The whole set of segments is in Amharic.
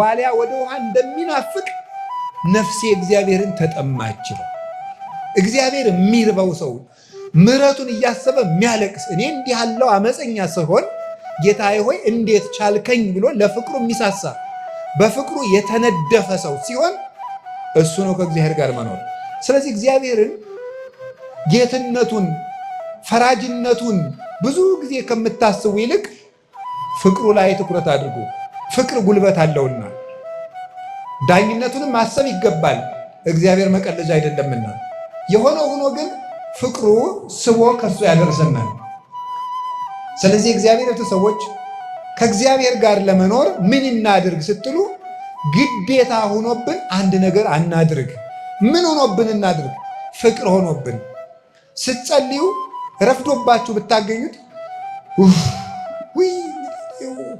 ዋሊያ ወደ ውሃ እንደሚናፍቅ ነፍሴ እግዚአብሔርን ተጠማች ነው። እግዚአብሔር የሚርበው ሰው ምሕረቱን እያሰበ የሚያለቅስ እኔ እንዲህ ያለው አመፀኛ ስሆን ጌታዬ ሆይ እንዴት ቻልከኝ ብሎ ለፍቅሩ የሚሳሳ በፍቅሩ የተነደፈ ሰው ሲሆን እሱ ነው ከእግዚአብሔር ጋር መኖር። ስለዚህ እግዚአብሔርን ጌትነቱን፣ ፈራጅነቱን ብዙ ጊዜ ከምታስቡ ይልቅ ፍቅሩ ላይ ትኩረት አድርጉ። ፍቅር ጉልበት አለውና ዳኝነቱንም ማሰብ ይገባል። እግዚአብሔር መቀለጃ አይደለምና። የሆነ ሆኖ ግን ፍቅሩ ስቦ ከሱ ያደርሰናል። ስለዚህ እግዚአብሔር ቤተሰቦች ከእግዚአብሔር ጋር ለመኖር ምን እናድርግ ስትሉ ግዴታ ሆኖብን አንድ ነገር አናድርግ። ምን ሆኖብን እናድርግ? ፍቅር ሆኖብን ስትጸልዩ ረፍዶባችሁ ብታገኙት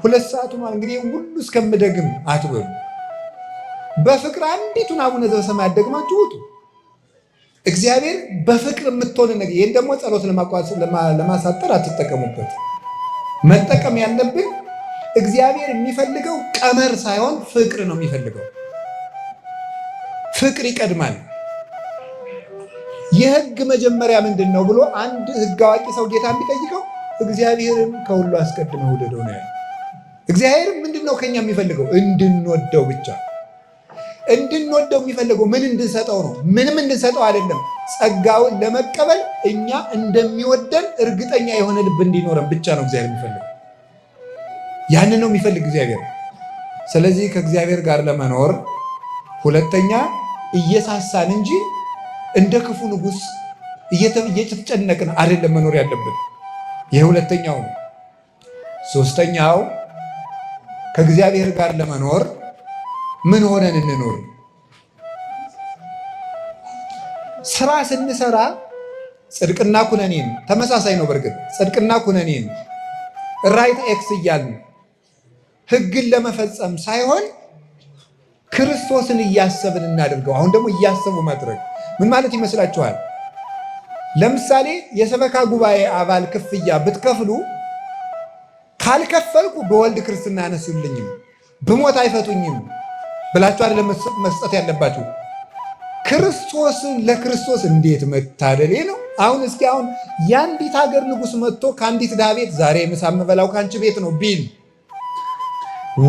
ሁለት ሰዓቱ እንግዲህ ሁሉ እስከምደግም አትበሉ። በፍቅር አንዲቱን አቡነ ዘበሰማያት ደግማችሁ ውጡ። እግዚአብሔር በፍቅር የምትሆን ነገር ይህን ደግሞ ጸሎት ለማሳጠር አትጠቀሙበት። መጠቀም ያለብን እግዚአብሔር የሚፈልገው ቀመር ሳይሆን ፍቅር ነው የሚፈልገው። ፍቅር ይቀድማል። የህግ መጀመሪያ ምንድን ነው ብሎ አንድ ህግ አዋቂ ሰው ጌታ የሚጠይቀው እግዚአብሔርን ከሁሉ አስቀድመ ውደደው ነው ያለው። እግዚአብሔርም ምንድን ነው ከኛ የሚፈልገው? እንድንወደው ብቻ እንድንወደው የሚፈልገው ምን እንድንሰጠው ነው? ምንም እንድንሰጠው አይደለም። ጸጋውን ለመቀበል እኛ እንደሚወደን እርግጠኛ የሆነ ልብ እንዲኖረን ብቻ ነው እግዚአብሔር የሚፈልግ። ያንን ነው የሚፈልግ እግዚአብሔር። ስለዚህ ከእግዚአብሔር ጋር ለመኖር ሁለተኛ እየሳሳን እንጂ እንደ ክፉ ንጉስ እየተጨነቅን አይደለም መኖር ያለብን። ይህ ሁለተኛው ነው። ሶስተኛው ከእግዚአብሔር ጋር ለመኖር ምን ሆነን እንኖር? ስራ ስንሰራ ጽድቅና ኩነኔን ተመሳሳይ ነው። በእርግጥ ጽድቅና ኩነኔን ራይት ኤክስ እያልን ህግን ለመፈጸም ሳይሆን ክርስቶስን እያሰብን እናደርገው። አሁን ደግሞ እያሰቡ ማድረግ ምን ማለት ይመስላችኋል? ለምሳሌ የሰበካ ጉባኤ አባል ክፍያ ብትከፍሉ ካልከፈልኩ በወልድ ክርስትና አነሱልኝም፣ ብሞት አይፈቱኝም ብላችሁ አይደለም መስጠት ያለባችሁ። ክርስቶስን ለክርስቶስ እንዴት መታደሌ ነው። አሁን እስኪ አሁን የአንዲት ሀገር ንጉሥ መጥቶ ከአንዲት ድሃ ቤት ዛሬ ምሳ የምበላው ከአንቺ ቤት ነው ቢል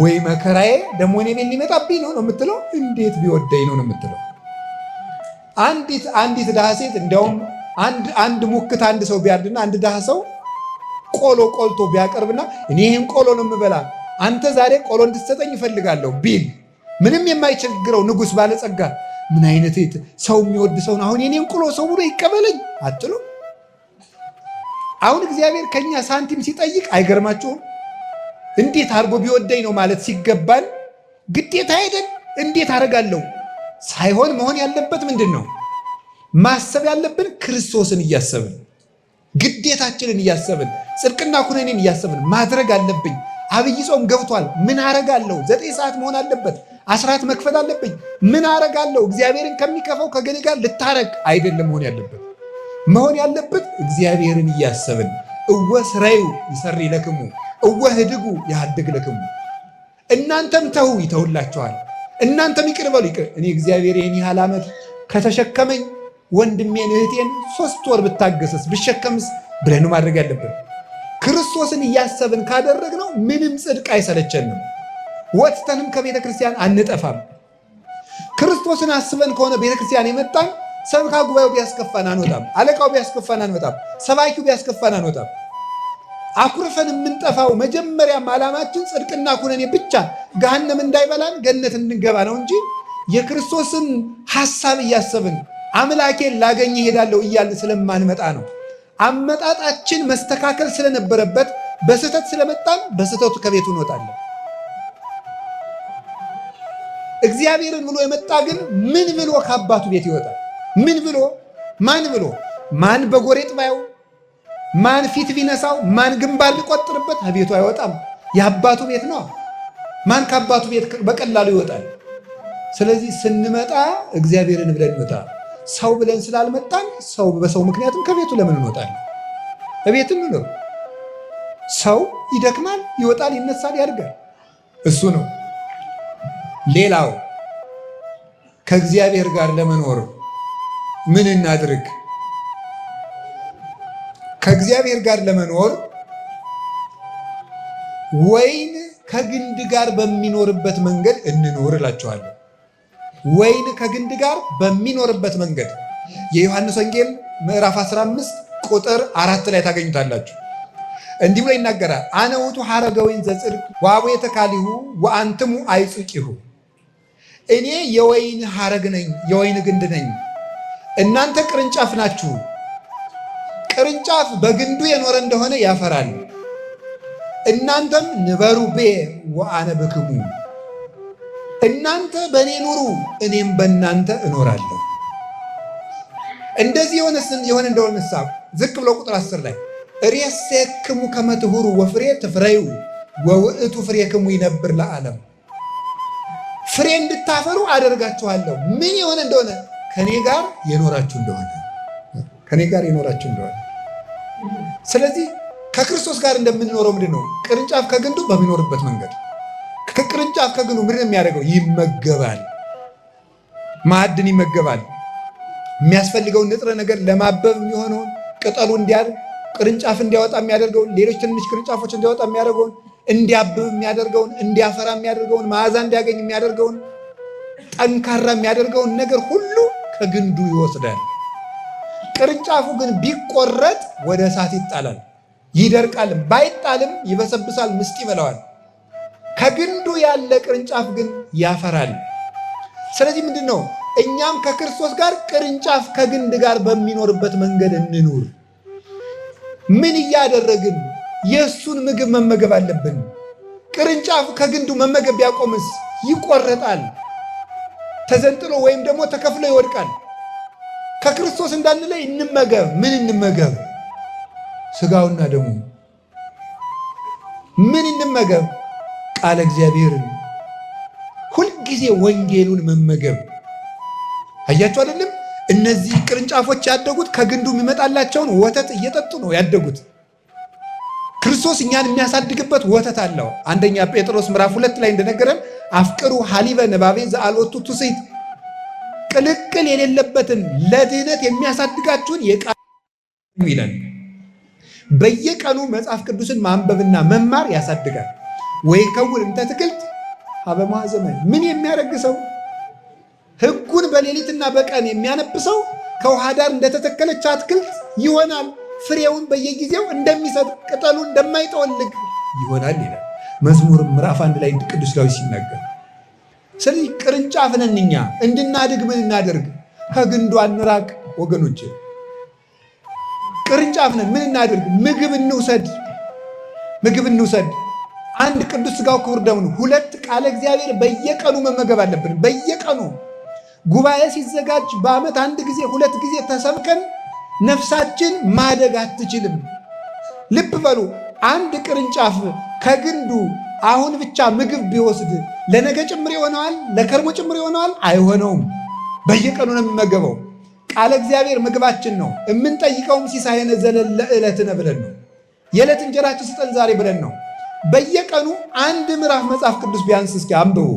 ወይ መከራዬ ደግሞ እኔ ቤት ሊመጣብኝ ነው ነው የምትለው? እንዴት ቢወደኝ ነው ነው የምትለው? አንዲት አንዲት ድሃ ሴት እንዲያውም አንድ ሙክት አንድ ሰው ቢያርድና አንድ ድሃ ሰው ቆሎ ቆልቶ ቢያቀርብና እኔ ይህን ቆሎ ነው የምበላ አንተ ዛሬ ቆሎ እንድትሰጠኝ ይፈልጋለሁ ቢል ምንም የማይቸግረው ንጉሥ ባለጸጋ ምን አይነት ሰው የሚወድ ሰውን አሁን የኔን ቁሎ ሰው ብሎ ይቀበለኝ አትሉ? አሁን እግዚአብሔር ከኛ ሳንቲም ሲጠይቅ አይገርማችሁም? እንዴት አድርጎ ቢወደኝ ነው ማለት ሲገባን ግዴታ አይደል? እንዴት አደርጋለሁ ሳይሆን መሆን ያለበት ምንድን ነው? ማሰብ ያለብን ክርስቶስን እያሰብን ግዴታችንን እያሰብን ጽድቅና ኩነኔን እያሰብን ማድረግ አለብኝ። አብይ ጾም ገብቷል። ምን አረጋለሁ? ዘጠኝ ሰዓት መሆን አለበት። አስራት መክፈል አለብኝ። ምን አረጋለሁ? እግዚአብሔርን ከሚከፋው ከገሌ ጋር ልታረግ አይደለም መሆን ያለበት መሆን ያለበት እግዚአብሔርን እያሰብን እወ ስራዩ ይሰሪ ለክሙ እወ ህድጉ ያድግ ለክሙ እናንተም ተው ይተውላችኋል። እናንተም ይቅር በሉ ይቅር እኔ እግዚአብሔር ይህን ያህል ዓመት ከተሸከመኝ ወንድሜን እህቴን ሶስት ወር ብታገሰስ ብሸከምስ ብለን ማድረግ ያለብን ክርስቶስን እያሰብን ካደረግነው ምንም ጽድቅ አይሰለቸንም። ወጥተንም ከቤተ ክርስቲያን አንጠፋም። ክርስቶስን አስበን ከሆነ ቤተ ክርስቲያን የመጣን ሰብካ ጉባኤው ቢያስከፋን አንወጣም። አለቃው ቢያስከፋን አንወጣም። ሰባኪው ቢያስከፋን አንወጣም። አኩርፈን የምንጠፋው መጀመሪያም ዓላማችን ጽድቅና ኩነኔ ብቻ ገሃነም እንዳይበላን ገነት እንድንገባ ነው እንጂ የክርስቶስን ሐሳብ እያሰብን አምላኬን ላገኝ እሄዳለሁ እያልን ስለማንመጣ ነው። አመጣጣችን መስተካከል ስለነበረበት በስህተት ስለመጣን በስህተቱ ከቤቱ እንወጣለን። እግዚአብሔርን ብሎ የመጣ ግን ምን ብሎ ከአባቱ ቤት ይወጣል? ምን ብሎ ማን ብሎ ማን በጎሬጥ ባየው ማን ፊት ቢነሳው ማን ግንባር ሊቆጥርበት ከቤቱ አይወጣም። የአባቱ ቤት ነው። ማን ከአባቱ ቤት በቀላሉ ይወጣል? ስለዚህ ስንመጣ እግዚአብሔርን ብለን እንወጣ። ሰው ብለን ስላልመጣን ሰው በሰው ምክንያትም ከቤቱ ለምን እንወጣለን? እቤትም ነው ሰው ይደክማል፣ ይወጣል፣ ይነሳል፣ ያድጋል። እሱ ነው ሌላው ከእግዚአብሔር ጋር ለመኖር ምን እናድርግ? ከእግዚአብሔር ጋር ለመኖር ወይን ከግንድ ጋር በሚኖርበት መንገድ እንኖር እላቸዋለሁ። ወይን ከግንድ ጋር በሚኖርበት መንገድ የዮሐንስ ወንጌል ምዕራፍ 15 ቁጥር አራት ላይ ታገኙታላችሁ። እንዲህ ብሎ ይናገራል። አነ ውእቱ ሐረገ ወይን ዘጽድቅ ወአቡኤ ተካሊሁ ወአንትሙ አይጹቂሁ እኔ የወይን ሐረግ ነኝ፣ የወይን ግንድ ነኝ፣ እናንተ ቅርንጫፍ ናችሁ። ቅርንጫፍ በግንዱ የኖረ እንደሆነ ያፈራል። እናንተም ንበሩ ቤ ወአነ ብክሙ፣ እናንተ በእኔ ኑሩ፣ እኔም በእናንተ እኖራለሁ። እንደዚህ የሆነ እንደሆነ ንስሐ ዝቅ ብሎ ቁጥር አስር ላይ ሬሴክሙ ከመትሁሩ ትሁሩ ወፍሬ ትፍረዩ ወውእቱ ፍሬክሙ ይነብር ለዓለም ፍሬ እንድታፈሩ አደርጋችኋለሁ። ምን የሆነ እንደሆነ ከኔ ጋር የኖራችሁ እንደሆነ ከኔ ጋር የኖራችሁ እንደሆነ። ስለዚህ ከክርስቶስ ጋር እንደምንኖረው ምንድን ነው? ቅርንጫፍ ከግንዱ በሚኖርበት መንገድ ከቅርንጫፍ ከግንዱ ምንድን የሚያደርገው ይመገባል፣ ማዕድን ይመገባል። የሚያስፈልገውን ንጥረ ነገር ለማበብ የሚሆነውን ቅጠሉ እንዲያድግ ቅርንጫፍ እንዲያወጣ የሚያደርገውን ሌሎች ትንሽ ቅርንጫፎች እንዲያወጣ የሚያደርገውን እንዲያብብ የሚያደርገውን እንዲያፈራ የሚያደርገውን መዓዛ እንዲያገኝ የሚያደርገውን ጠንካራ የሚያደርገውን ነገር ሁሉ ከግንዱ ይወስዳል። ቅርንጫፉ ግን ቢቆረጥ ወደ እሳት ይጣላል፣ ይደርቃልም፣ ባይጣልም ይበሰብሳል፣ ምስጥ ይበላዋል። ከግንዱ ያለ ቅርንጫፍ ግን ያፈራል። ስለዚህ ምንድን ነው? እኛም ከክርስቶስ ጋር ቅርንጫፍ ከግንድ ጋር በሚኖርበት መንገድ እንኑር። ምን እያደረግን የእሱን ምግብ መመገብ አለብን። ቅርንጫፍ ከግንዱ መመገብ ቢያቆምስ ይቆረጣል፣ ተዘንጥሎ ወይም ደግሞ ተከፍሎ ይወድቃል። ከክርስቶስ እንዳንለይ እንመገብ። ምን እንመገብ? ስጋውና ደሙ። ምን እንመገብ? ቃለ እግዚአብሔርን ሁልጊዜ ወንጌሉን መመገብ። አያችሁ አይደለም? እነዚህ ቅርንጫፎች ያደጉት ከግንዱ የሚመጣላቸውን ወተት እየጠጡ ነው ያደጉት። ክርስቶስ እኛን የሚያሳድግበት ወተት አለው። አንደኛ ጴጥሮስ ምዕራፍ ሁለት ላይ እንደነገረን አፍቅሩ ሀሊበ ነባቤ ዘአልወቱ ትስይት ቅልቅል የሌለበትን ለድህነት የሚያሳድጋችሁን የቃሉ ይለን። በየቀኑ መጽሐፍ ቅዱስን ማንበብና መማር ያሳድጋል። ወይ ከውን እንተ ትክልት ዘመን ምን የሚያደርግ ሰው ህጉን በሌሊትና በቀን የሚያነብሰው ከውሃ ዳር እንደተተከለች አትክልት ይሆናል። ፍሬውን በየጊዜው እንደሚሰጥ ቅጠሉ እንደማይጠወልግ ይሆናል ይላል መዝሙር ምዕራፍ አንድ ላይ ቅዱስ ዳዊት ሲናገር። ስለዚህ ቅርንጫፍ ነን እኛ እንድናድግ ምን እናደርግ? ከግንዱ አንራቅ ወገኖች። ቅርንጫፍ ነን ምን እናደርግ? ምግብ እንውሰድ፣ ምግብ እንውሰድ። አንድ ቅዱስ ስጋው ክቡር ደሙን፣ ሁለት ቃለ እግዚአብሔር በየቀኑ መመገብ አለብን። በየቀኑ ጉባኤ ሲዘጋጅ በዓመት አንድ ጊዜ ሁለት ጊዜ ተሰብከን ነፍሳችን ማደግ አትችልም። ልብ በሉ። አንድ ቅርንጫፍ ከግንዱ አሁን ብቻ ምግብ ቢወስድ ለነገ ጭምር ይሆነዋል? ለከርሞ ጭምር ይሆነዋል? አይሆነውም። በየቀኑ ነው የሚመገበው። ቃለ እግዚአብሔር ምግባችን ነው። የምንጠይቀውም ሲሳየነ ዘለለ ዕለትነ ብለን ነው። የዕለት እንጀራችን ስጠን ዛሬ ብለን ነው። በየቀኑ አንድ ምዕራፍ መጽሐፍ ቅዱስ ቢያንስ እስኪ አንብቡ፣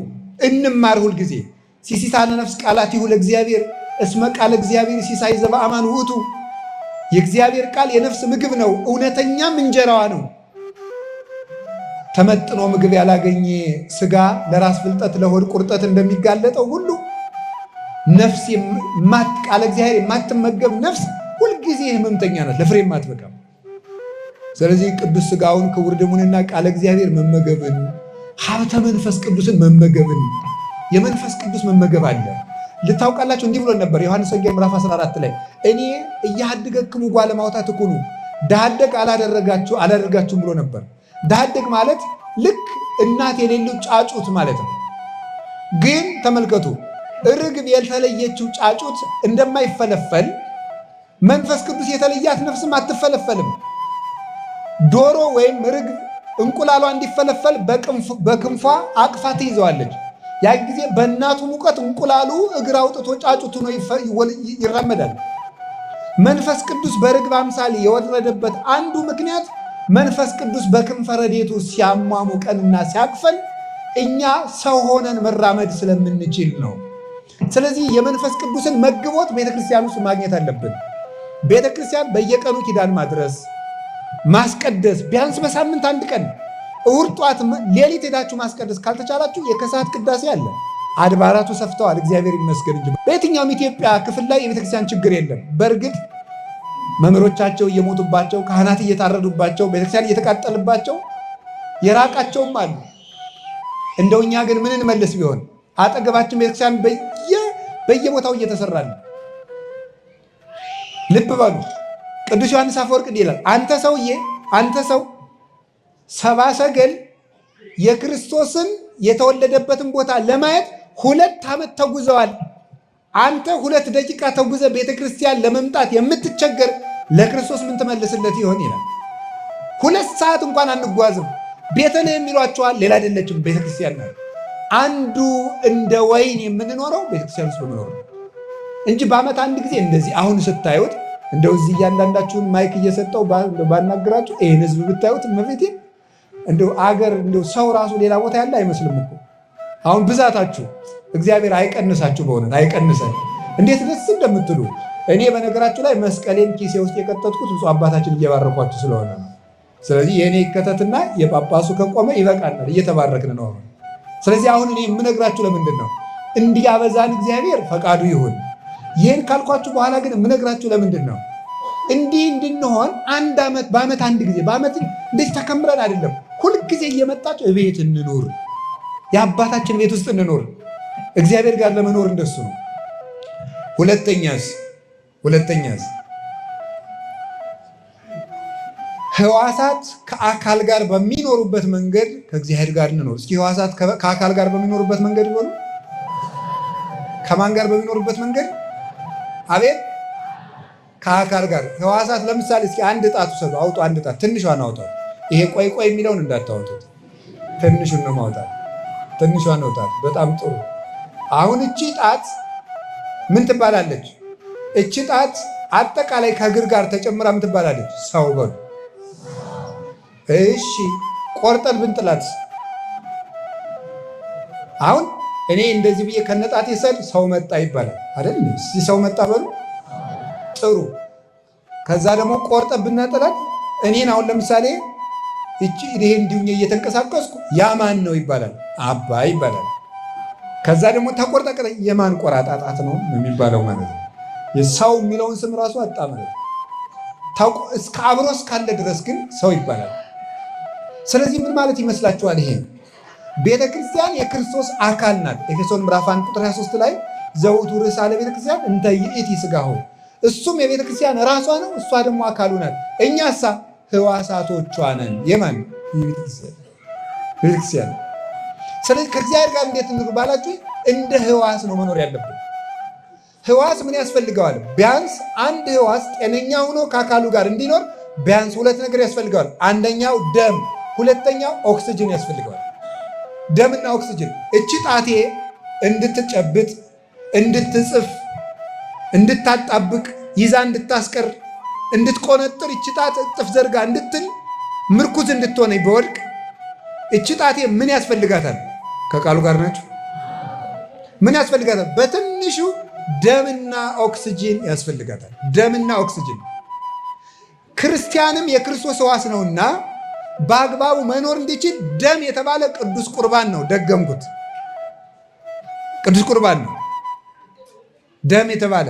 እንማር። ሁልጊዜ ሲሲሳነ ነፍስ ቃላቲሁ ለእግዚአብሔር እስመ ቃለ እግዚአብሔር ሲሳይ ዘበአማን ውእቱ የእግዚአብሔር ቃል የነፍስ ምግብ ነው፣ እውነተኛም እንጀራዋ ነው። ተመጥኖ ምግብ ያላገኘ ስጋ ለራስ ፍልጠት፣ ለሆድ ቁርጠት እንደሚጋለጠው ሁሉ ነፍስ ቃለ እግዚአብሔር የማትመገብ ነፍስ ሁልጊዜ ህመምተኛ ናት፣ ለፍሬ የማትበቃም። ስለዚህ ቅዱስ ስጋውን ክቡር ደሙንና ቃለ እግዚአብሔር መመገብን ሀብተ መንፈስ ቅዱስን መመገብን የመንፈስ ቅዱስ መመገብ አለ። ልታውቃላችሁ እንዲህ ብሎን ነበር ዮሐንስ ወንጌል ምዕራፍ 14 ላይ እኔ እያሃድገክሙ ጓለ ማውታት እኩኑ ዳሃደግ አላደረጋችሁ አላደርጋችሁም ብሎ ነበር። ዳሃደግ ማለት ልክ እናት የሌለው ጫጩት ማለት ነው። ግን ተመልከቱ ርግብ የተለየችው ጫጩት እንደማይፈለፈል መንፈስ ቅዱስ የተለያት ነፍስም አትፈለፈልም። ዶሮ ወይም ርግብ እንቁላሏ እንዲፈለፈል በክንፏ አቅፋ ትይዘዋለች። ያን ጊዜ በእናቱ ሙቀት እንቁላሉ እግር አውጥቶ ጫጩት ሆኖ ይራመዳል። መንፈስ ቅዱስ በርግብ አምሳሌ የወረደበት አንዱ ምክንያት መንፈስ ቅዱስ በክንፈ ረድኤቱ ሲያሟሙቀንና ሲያቅፈን እኛ ሰው ሆነን መራመድ ስለምንችል ነው። ስለዚህ የመንፈስ ቅዱስን መግቦት ቤተክርስቲያን ውስጥ ማግኘት አለብን። ቤተክርስቲያን በየቀኑ ኪዳን ማድረስ ማስቀደስ ቢያንስ በሳምንት አንድ ቀን እውርጧት ሌሊት ሄዳችሁ ማስቀደስ ካልተቻላችሁ የከሰዓት ቅዳሴ አለ። አድባራቱ ሰፍተዋል፣ እግዚአብሔር ይመስገን እንጂ በየትኛውም ኢትዮጵያ ክፍል ላይ የቤተክርስቲያን ችግር የለም። በእርግጥ መምህሮቻቸው እየሞቱባቸው፣ ካህናት እየታረዱባቸው፣ ቤተክርስቲያን እየተቃጠልባቸው የራቃቸውም አሉ። እንደውኛ ግን ምን እንመልስ ቢሆን አጠገባችን ቤተክርስቲያን በየቦታው እየተሰራ ነው። ልብ በሉ ቅዱስ ዮሐንስ አፈወርቅ እንዲህ ይላል፣ አንተ ሰውዬ አንተ ሰው ሰባሰገል ሰገል የክርስቶስን የተወለደበትን ቦታ ለማየት ሁለት ዓመት ተጉዘዋል። አንተ ሁለት ደቂቃ ተጉዘ ቤተክርስቲያን ለመምጣት የምትቸገር ለክርስቶስ ምን ትመልስለት ይሆን ይላል። ሁለት ሰዓት እንኳን አንጓዝም። ቤተልሔም ይሏቸዋል። ሌላ አይደለችም ቤተክርስቲያን ነው። አንዱ እንደ ወይን የምንኖረው ቤተክርስቲያን ውስጥ በመኖር ነው እንጂ በዓመት አንድ ጊዜ እንደዚህ አሁን ስታዩት እንደው እዚህ እያንዳንዳችሁን ማይክ እየሰጠው ባናግራችሁ ይህን ህዝብ ብታዩት መፊቴ እንደው አገር እንደው ሰው ራሱ ሌላ ቦታ ያለ አይመስልም እኮ አሁን ብዛታችሁ እግዚአብሔር አይቀንሳችሁ፣ በእውነት አይቀንሰን። እንዴት ደስ እንደምትሉ እኔ በነገራችሁ ላይ መስቀሌን ኪሴ ውስጥ የቀጠጥኩት ብፁዕ አባታችን እየባረኳችሁ ስለሆነ ነው። ስለዚህ የእኔ ይከተትና የጳጳሱ ከቆመ ይበቃናል፣ እየተባረክን ነው። ስለዚህ አሁን እኔ የምነግራችሁ ለምንድን ነው እንዲያበዛን እግዚአብሔር ፈቃዱ ይሁን። ይህን ካልኳችሁ በኋላ ግን የምነግራችሁ ለምንድን ነው እንዲህ እንድንሆን አንድ ዓመት በዓመት አንድ ጊዜ በዓመት እንደዚህ ተከምረን አይደለም። ሁልጊዜ እየመጣችሁ እቤት እንኖር፣ የአባታችን ቤት ውስጥ እንኖር። እግዚአብሔር ጋር ለመኖር እንደሱ ነው። ሁለተኛስ ሁለተኛስ ህዋሳት ከአካል ጋር በሚኖሩበት መንገድ ከእግዚአብሔር ጋር እንኖር። እስኪ ህዋሳት ከአካል ጋር በሚኖሩበት መንገድ ይኖሩ። ከማን ጋር በሚኖሩበት መንገድ አቤት ከአካል ጋር ህዋሳት ለምሳሌ እስኪ አንድ ጣት ውሰዱ፣ አውጡ። አንድ ጣት ትንሿን አውጣት። ይሄ ቆይ ቆይ የሚለውን እንዳታወጡት፣ ትንሹን ነው ማውጣት። ትንሿን አውጣት። በጣም ጥሩ። አሁን እቺ ጣት ምን ትባላለች? እቺ ጣት አጠቃላይ ከእግር ጋር ተጨምራ ምን ትባላለች? ሰው በሉ። እሺ ቆርጠን ብንጥላት አሁን እኔ እንደዚህ ብዬ ከነጣት ሰል ሰው መጣ ይባላል አይደል? ሰው መጣ በሉ ጥሩ። ከዛ ደግሞ ቆርጠን ብናጠላት እኔን አሁን ለምሳሌ እቺ ይሄ እንዲሁኝ እየተንቀሳቀስኩ ያ ማን ነው ይባላል፣ አባ ይባላል። ከዛ ደግሞ ተቆርጠ የማን ቆራጣጣት ነው የሚባለው ማለት ነው። ሰው የሚለውን ስም ራሱ አጣ ማለት ነው። እስከ አብሮ እስካለ ድረስ ግን ሰው ይባላል። ስለዚህ ምን ማለት ይመስላችኋል? ይሄ ቤተ ክርስቲያን የክርስቶስ አካል ናት። ኤፌሶን ምዕራፍ 1 ቁጥር 23 ላይ ዘውቱ ርዕሰ አለ ክርስቲያን እንተ ይእቲ እሱም የቤተ ክርስቲያን ራሷ ነው፣ እሷ ደግሞ አካሉ ናት። እኛሳ ህዋሳቶቿ ነን። የማን ቤተክርስቲያን? ስለዚህ ከእግዚአብሔር ጋር እንዴት እንሩ ባላችሁ እንደ ህዋስ ነው መኖር ያለብን። ህዋስ ምን ያስፈልገዋል? ቢያንስ አንድ ህዋስ ጤነኛ ሆኖ ከአካሉ ጋር እንዲኖር ቢያንስ ሁለት ነገር ያስፈልገዋል። አንደኛው ደም፣ ሁለተኛው ኦክስጅን ያስፈልገዋል። ደምና ኦክስጅን። እቺ ጣቴ እንድትጨብጥ እንድትጽፍ እንድታጣብቅ ይዛ እንድታስቀር እንድትቆነጥር እችጣት እጥፍ ዘርጋ እንድትል ምርኩዝ እንድትሆነኝ በወድቅ እችጣቴ ምን ያስፈልጋታል? ከቃሉ ጋር ናቸው። ምን ያስፈልጋታል? በትንሹ ደምና ኦክስጂን ያስፈልጋታል። ደምና ኦክስጂን። ክርስቲያንም የክርስቶስ ሕዋስ ነውና በአግባቡ መኖር እንዲችል ደም የተባለ ቅዱስ ቁርባን ነው። ደገምኩት፣ ቅዱስ ቁርባን ነው። ደም የተባለ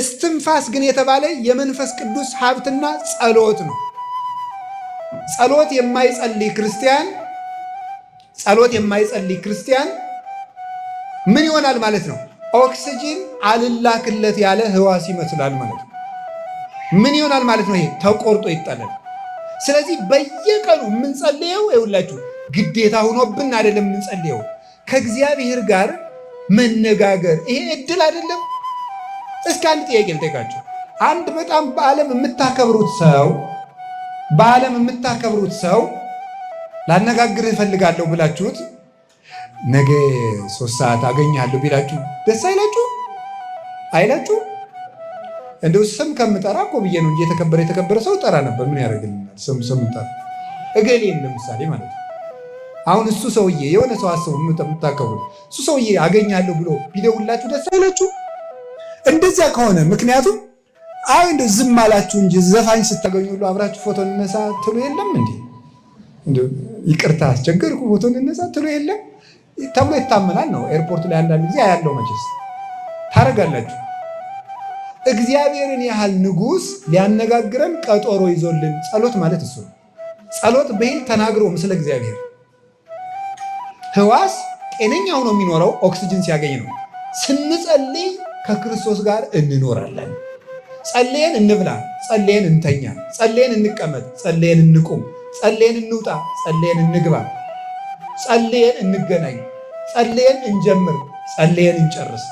እስትንፋስ ግን የተባለ የመንፈስ ቅዱስ ሀብትና ጸሎት ነው። ጸሎት የማይጸልይ ክርስቲያን ጸሎት የማይጸልይ ክርስቲያን ምን ይሆናል ማለት ነው? ኦክስጂን አልላክለት ያለ ህዋስ ይመስላል ማለት ነው። ምን ይሆናል ማለት ነው? ይሄ ተቆርጦ ይጣላል። ስለዚህ በየቀኑ የምንጸልየው ይውላችሁ ግዴታ ሆኖብን አይደለም የምንጸልየው ከእግዚአብሔር ጋር መነጋገር ይሄ እድል አይደለም። እስኪ አንድ ጥያቄ ልጠይቃቸው። አንድ በጣም በዓለም የምታከብሩት ሰው በዓለም የምታከብሩት ሰው ላነጋግር እፈልጋለሁ ብላችሁት ነገ ሶስት ሰዓት አገኛለሁ ቢላችሁ ደስ አይላችሁ? አይላችሁ? እንደው ስም ከምጠራ እኮ ብዬ ነው እንጂ የተከበረ የተከበረ ሰው ጠራ ነበር። ምን ያደርግልናል? ስም ስም ጠራ እገሌ ለምሳሌ ማለት ነው አሁን እሱ ሰውዬ የሆነ ሰው አሰቡ የምታከቡት እሱ ሰውዬ አገኛለሁ ብሎ ቢደውላችሁ ደስ አይላችሁ? እንደዚያ ከሆነ ምክንያቱም አይ እንደ ዝም አላችሁ እንጂ ዘፋኝ ስታገኙ ሁሉ አብራችሁ ፎቶ እንነሳ ትሉ የለም እንዴ? ይቅርታ አስቸገርኩ ፎቶ እንነሳ ትሉ የለም ተብሎ ይታመናል ነው። ኤርፖርት ላይ አንዳንድ ጊዜ ያለው መቼስ ታደርጋላችሁ። እግዚአብሔርን ያህል ንጉሥ ሊያነጋግረን ቀጠሮ ይዞልን ጸሎት ማለት እሱ ጸሎት በይል ተናግሮ ምስለ እግዚአብሔር ህዋስ ጤነኛ ሆኖ የሚኖረው ኦክስጅን ሲያገኝ ነው። ስንጸልይ ከክርስቶስ ጋር እንኖራለን። ጸልየን እንብላ፣ ጸልየን እንተኛ፣ ጸልየን እንቀመጥ፣ ጸልየን እንቁም፣ ጸልየን እንውጣ፣ ጸልየን እንግባ፣ ጸልየን እንገናኝ፣ ጸልየን እንጀምር፣ ጸልየን እንጨርስ።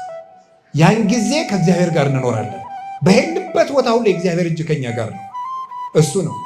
ያን ጊዜ ከእግዚአብሔር ጋር እንኖራለን። በሄድንበት ቦታ ሁሉ የእግዚአብሔር እጅ ከኛ ጋር ነው። እሱ ነው።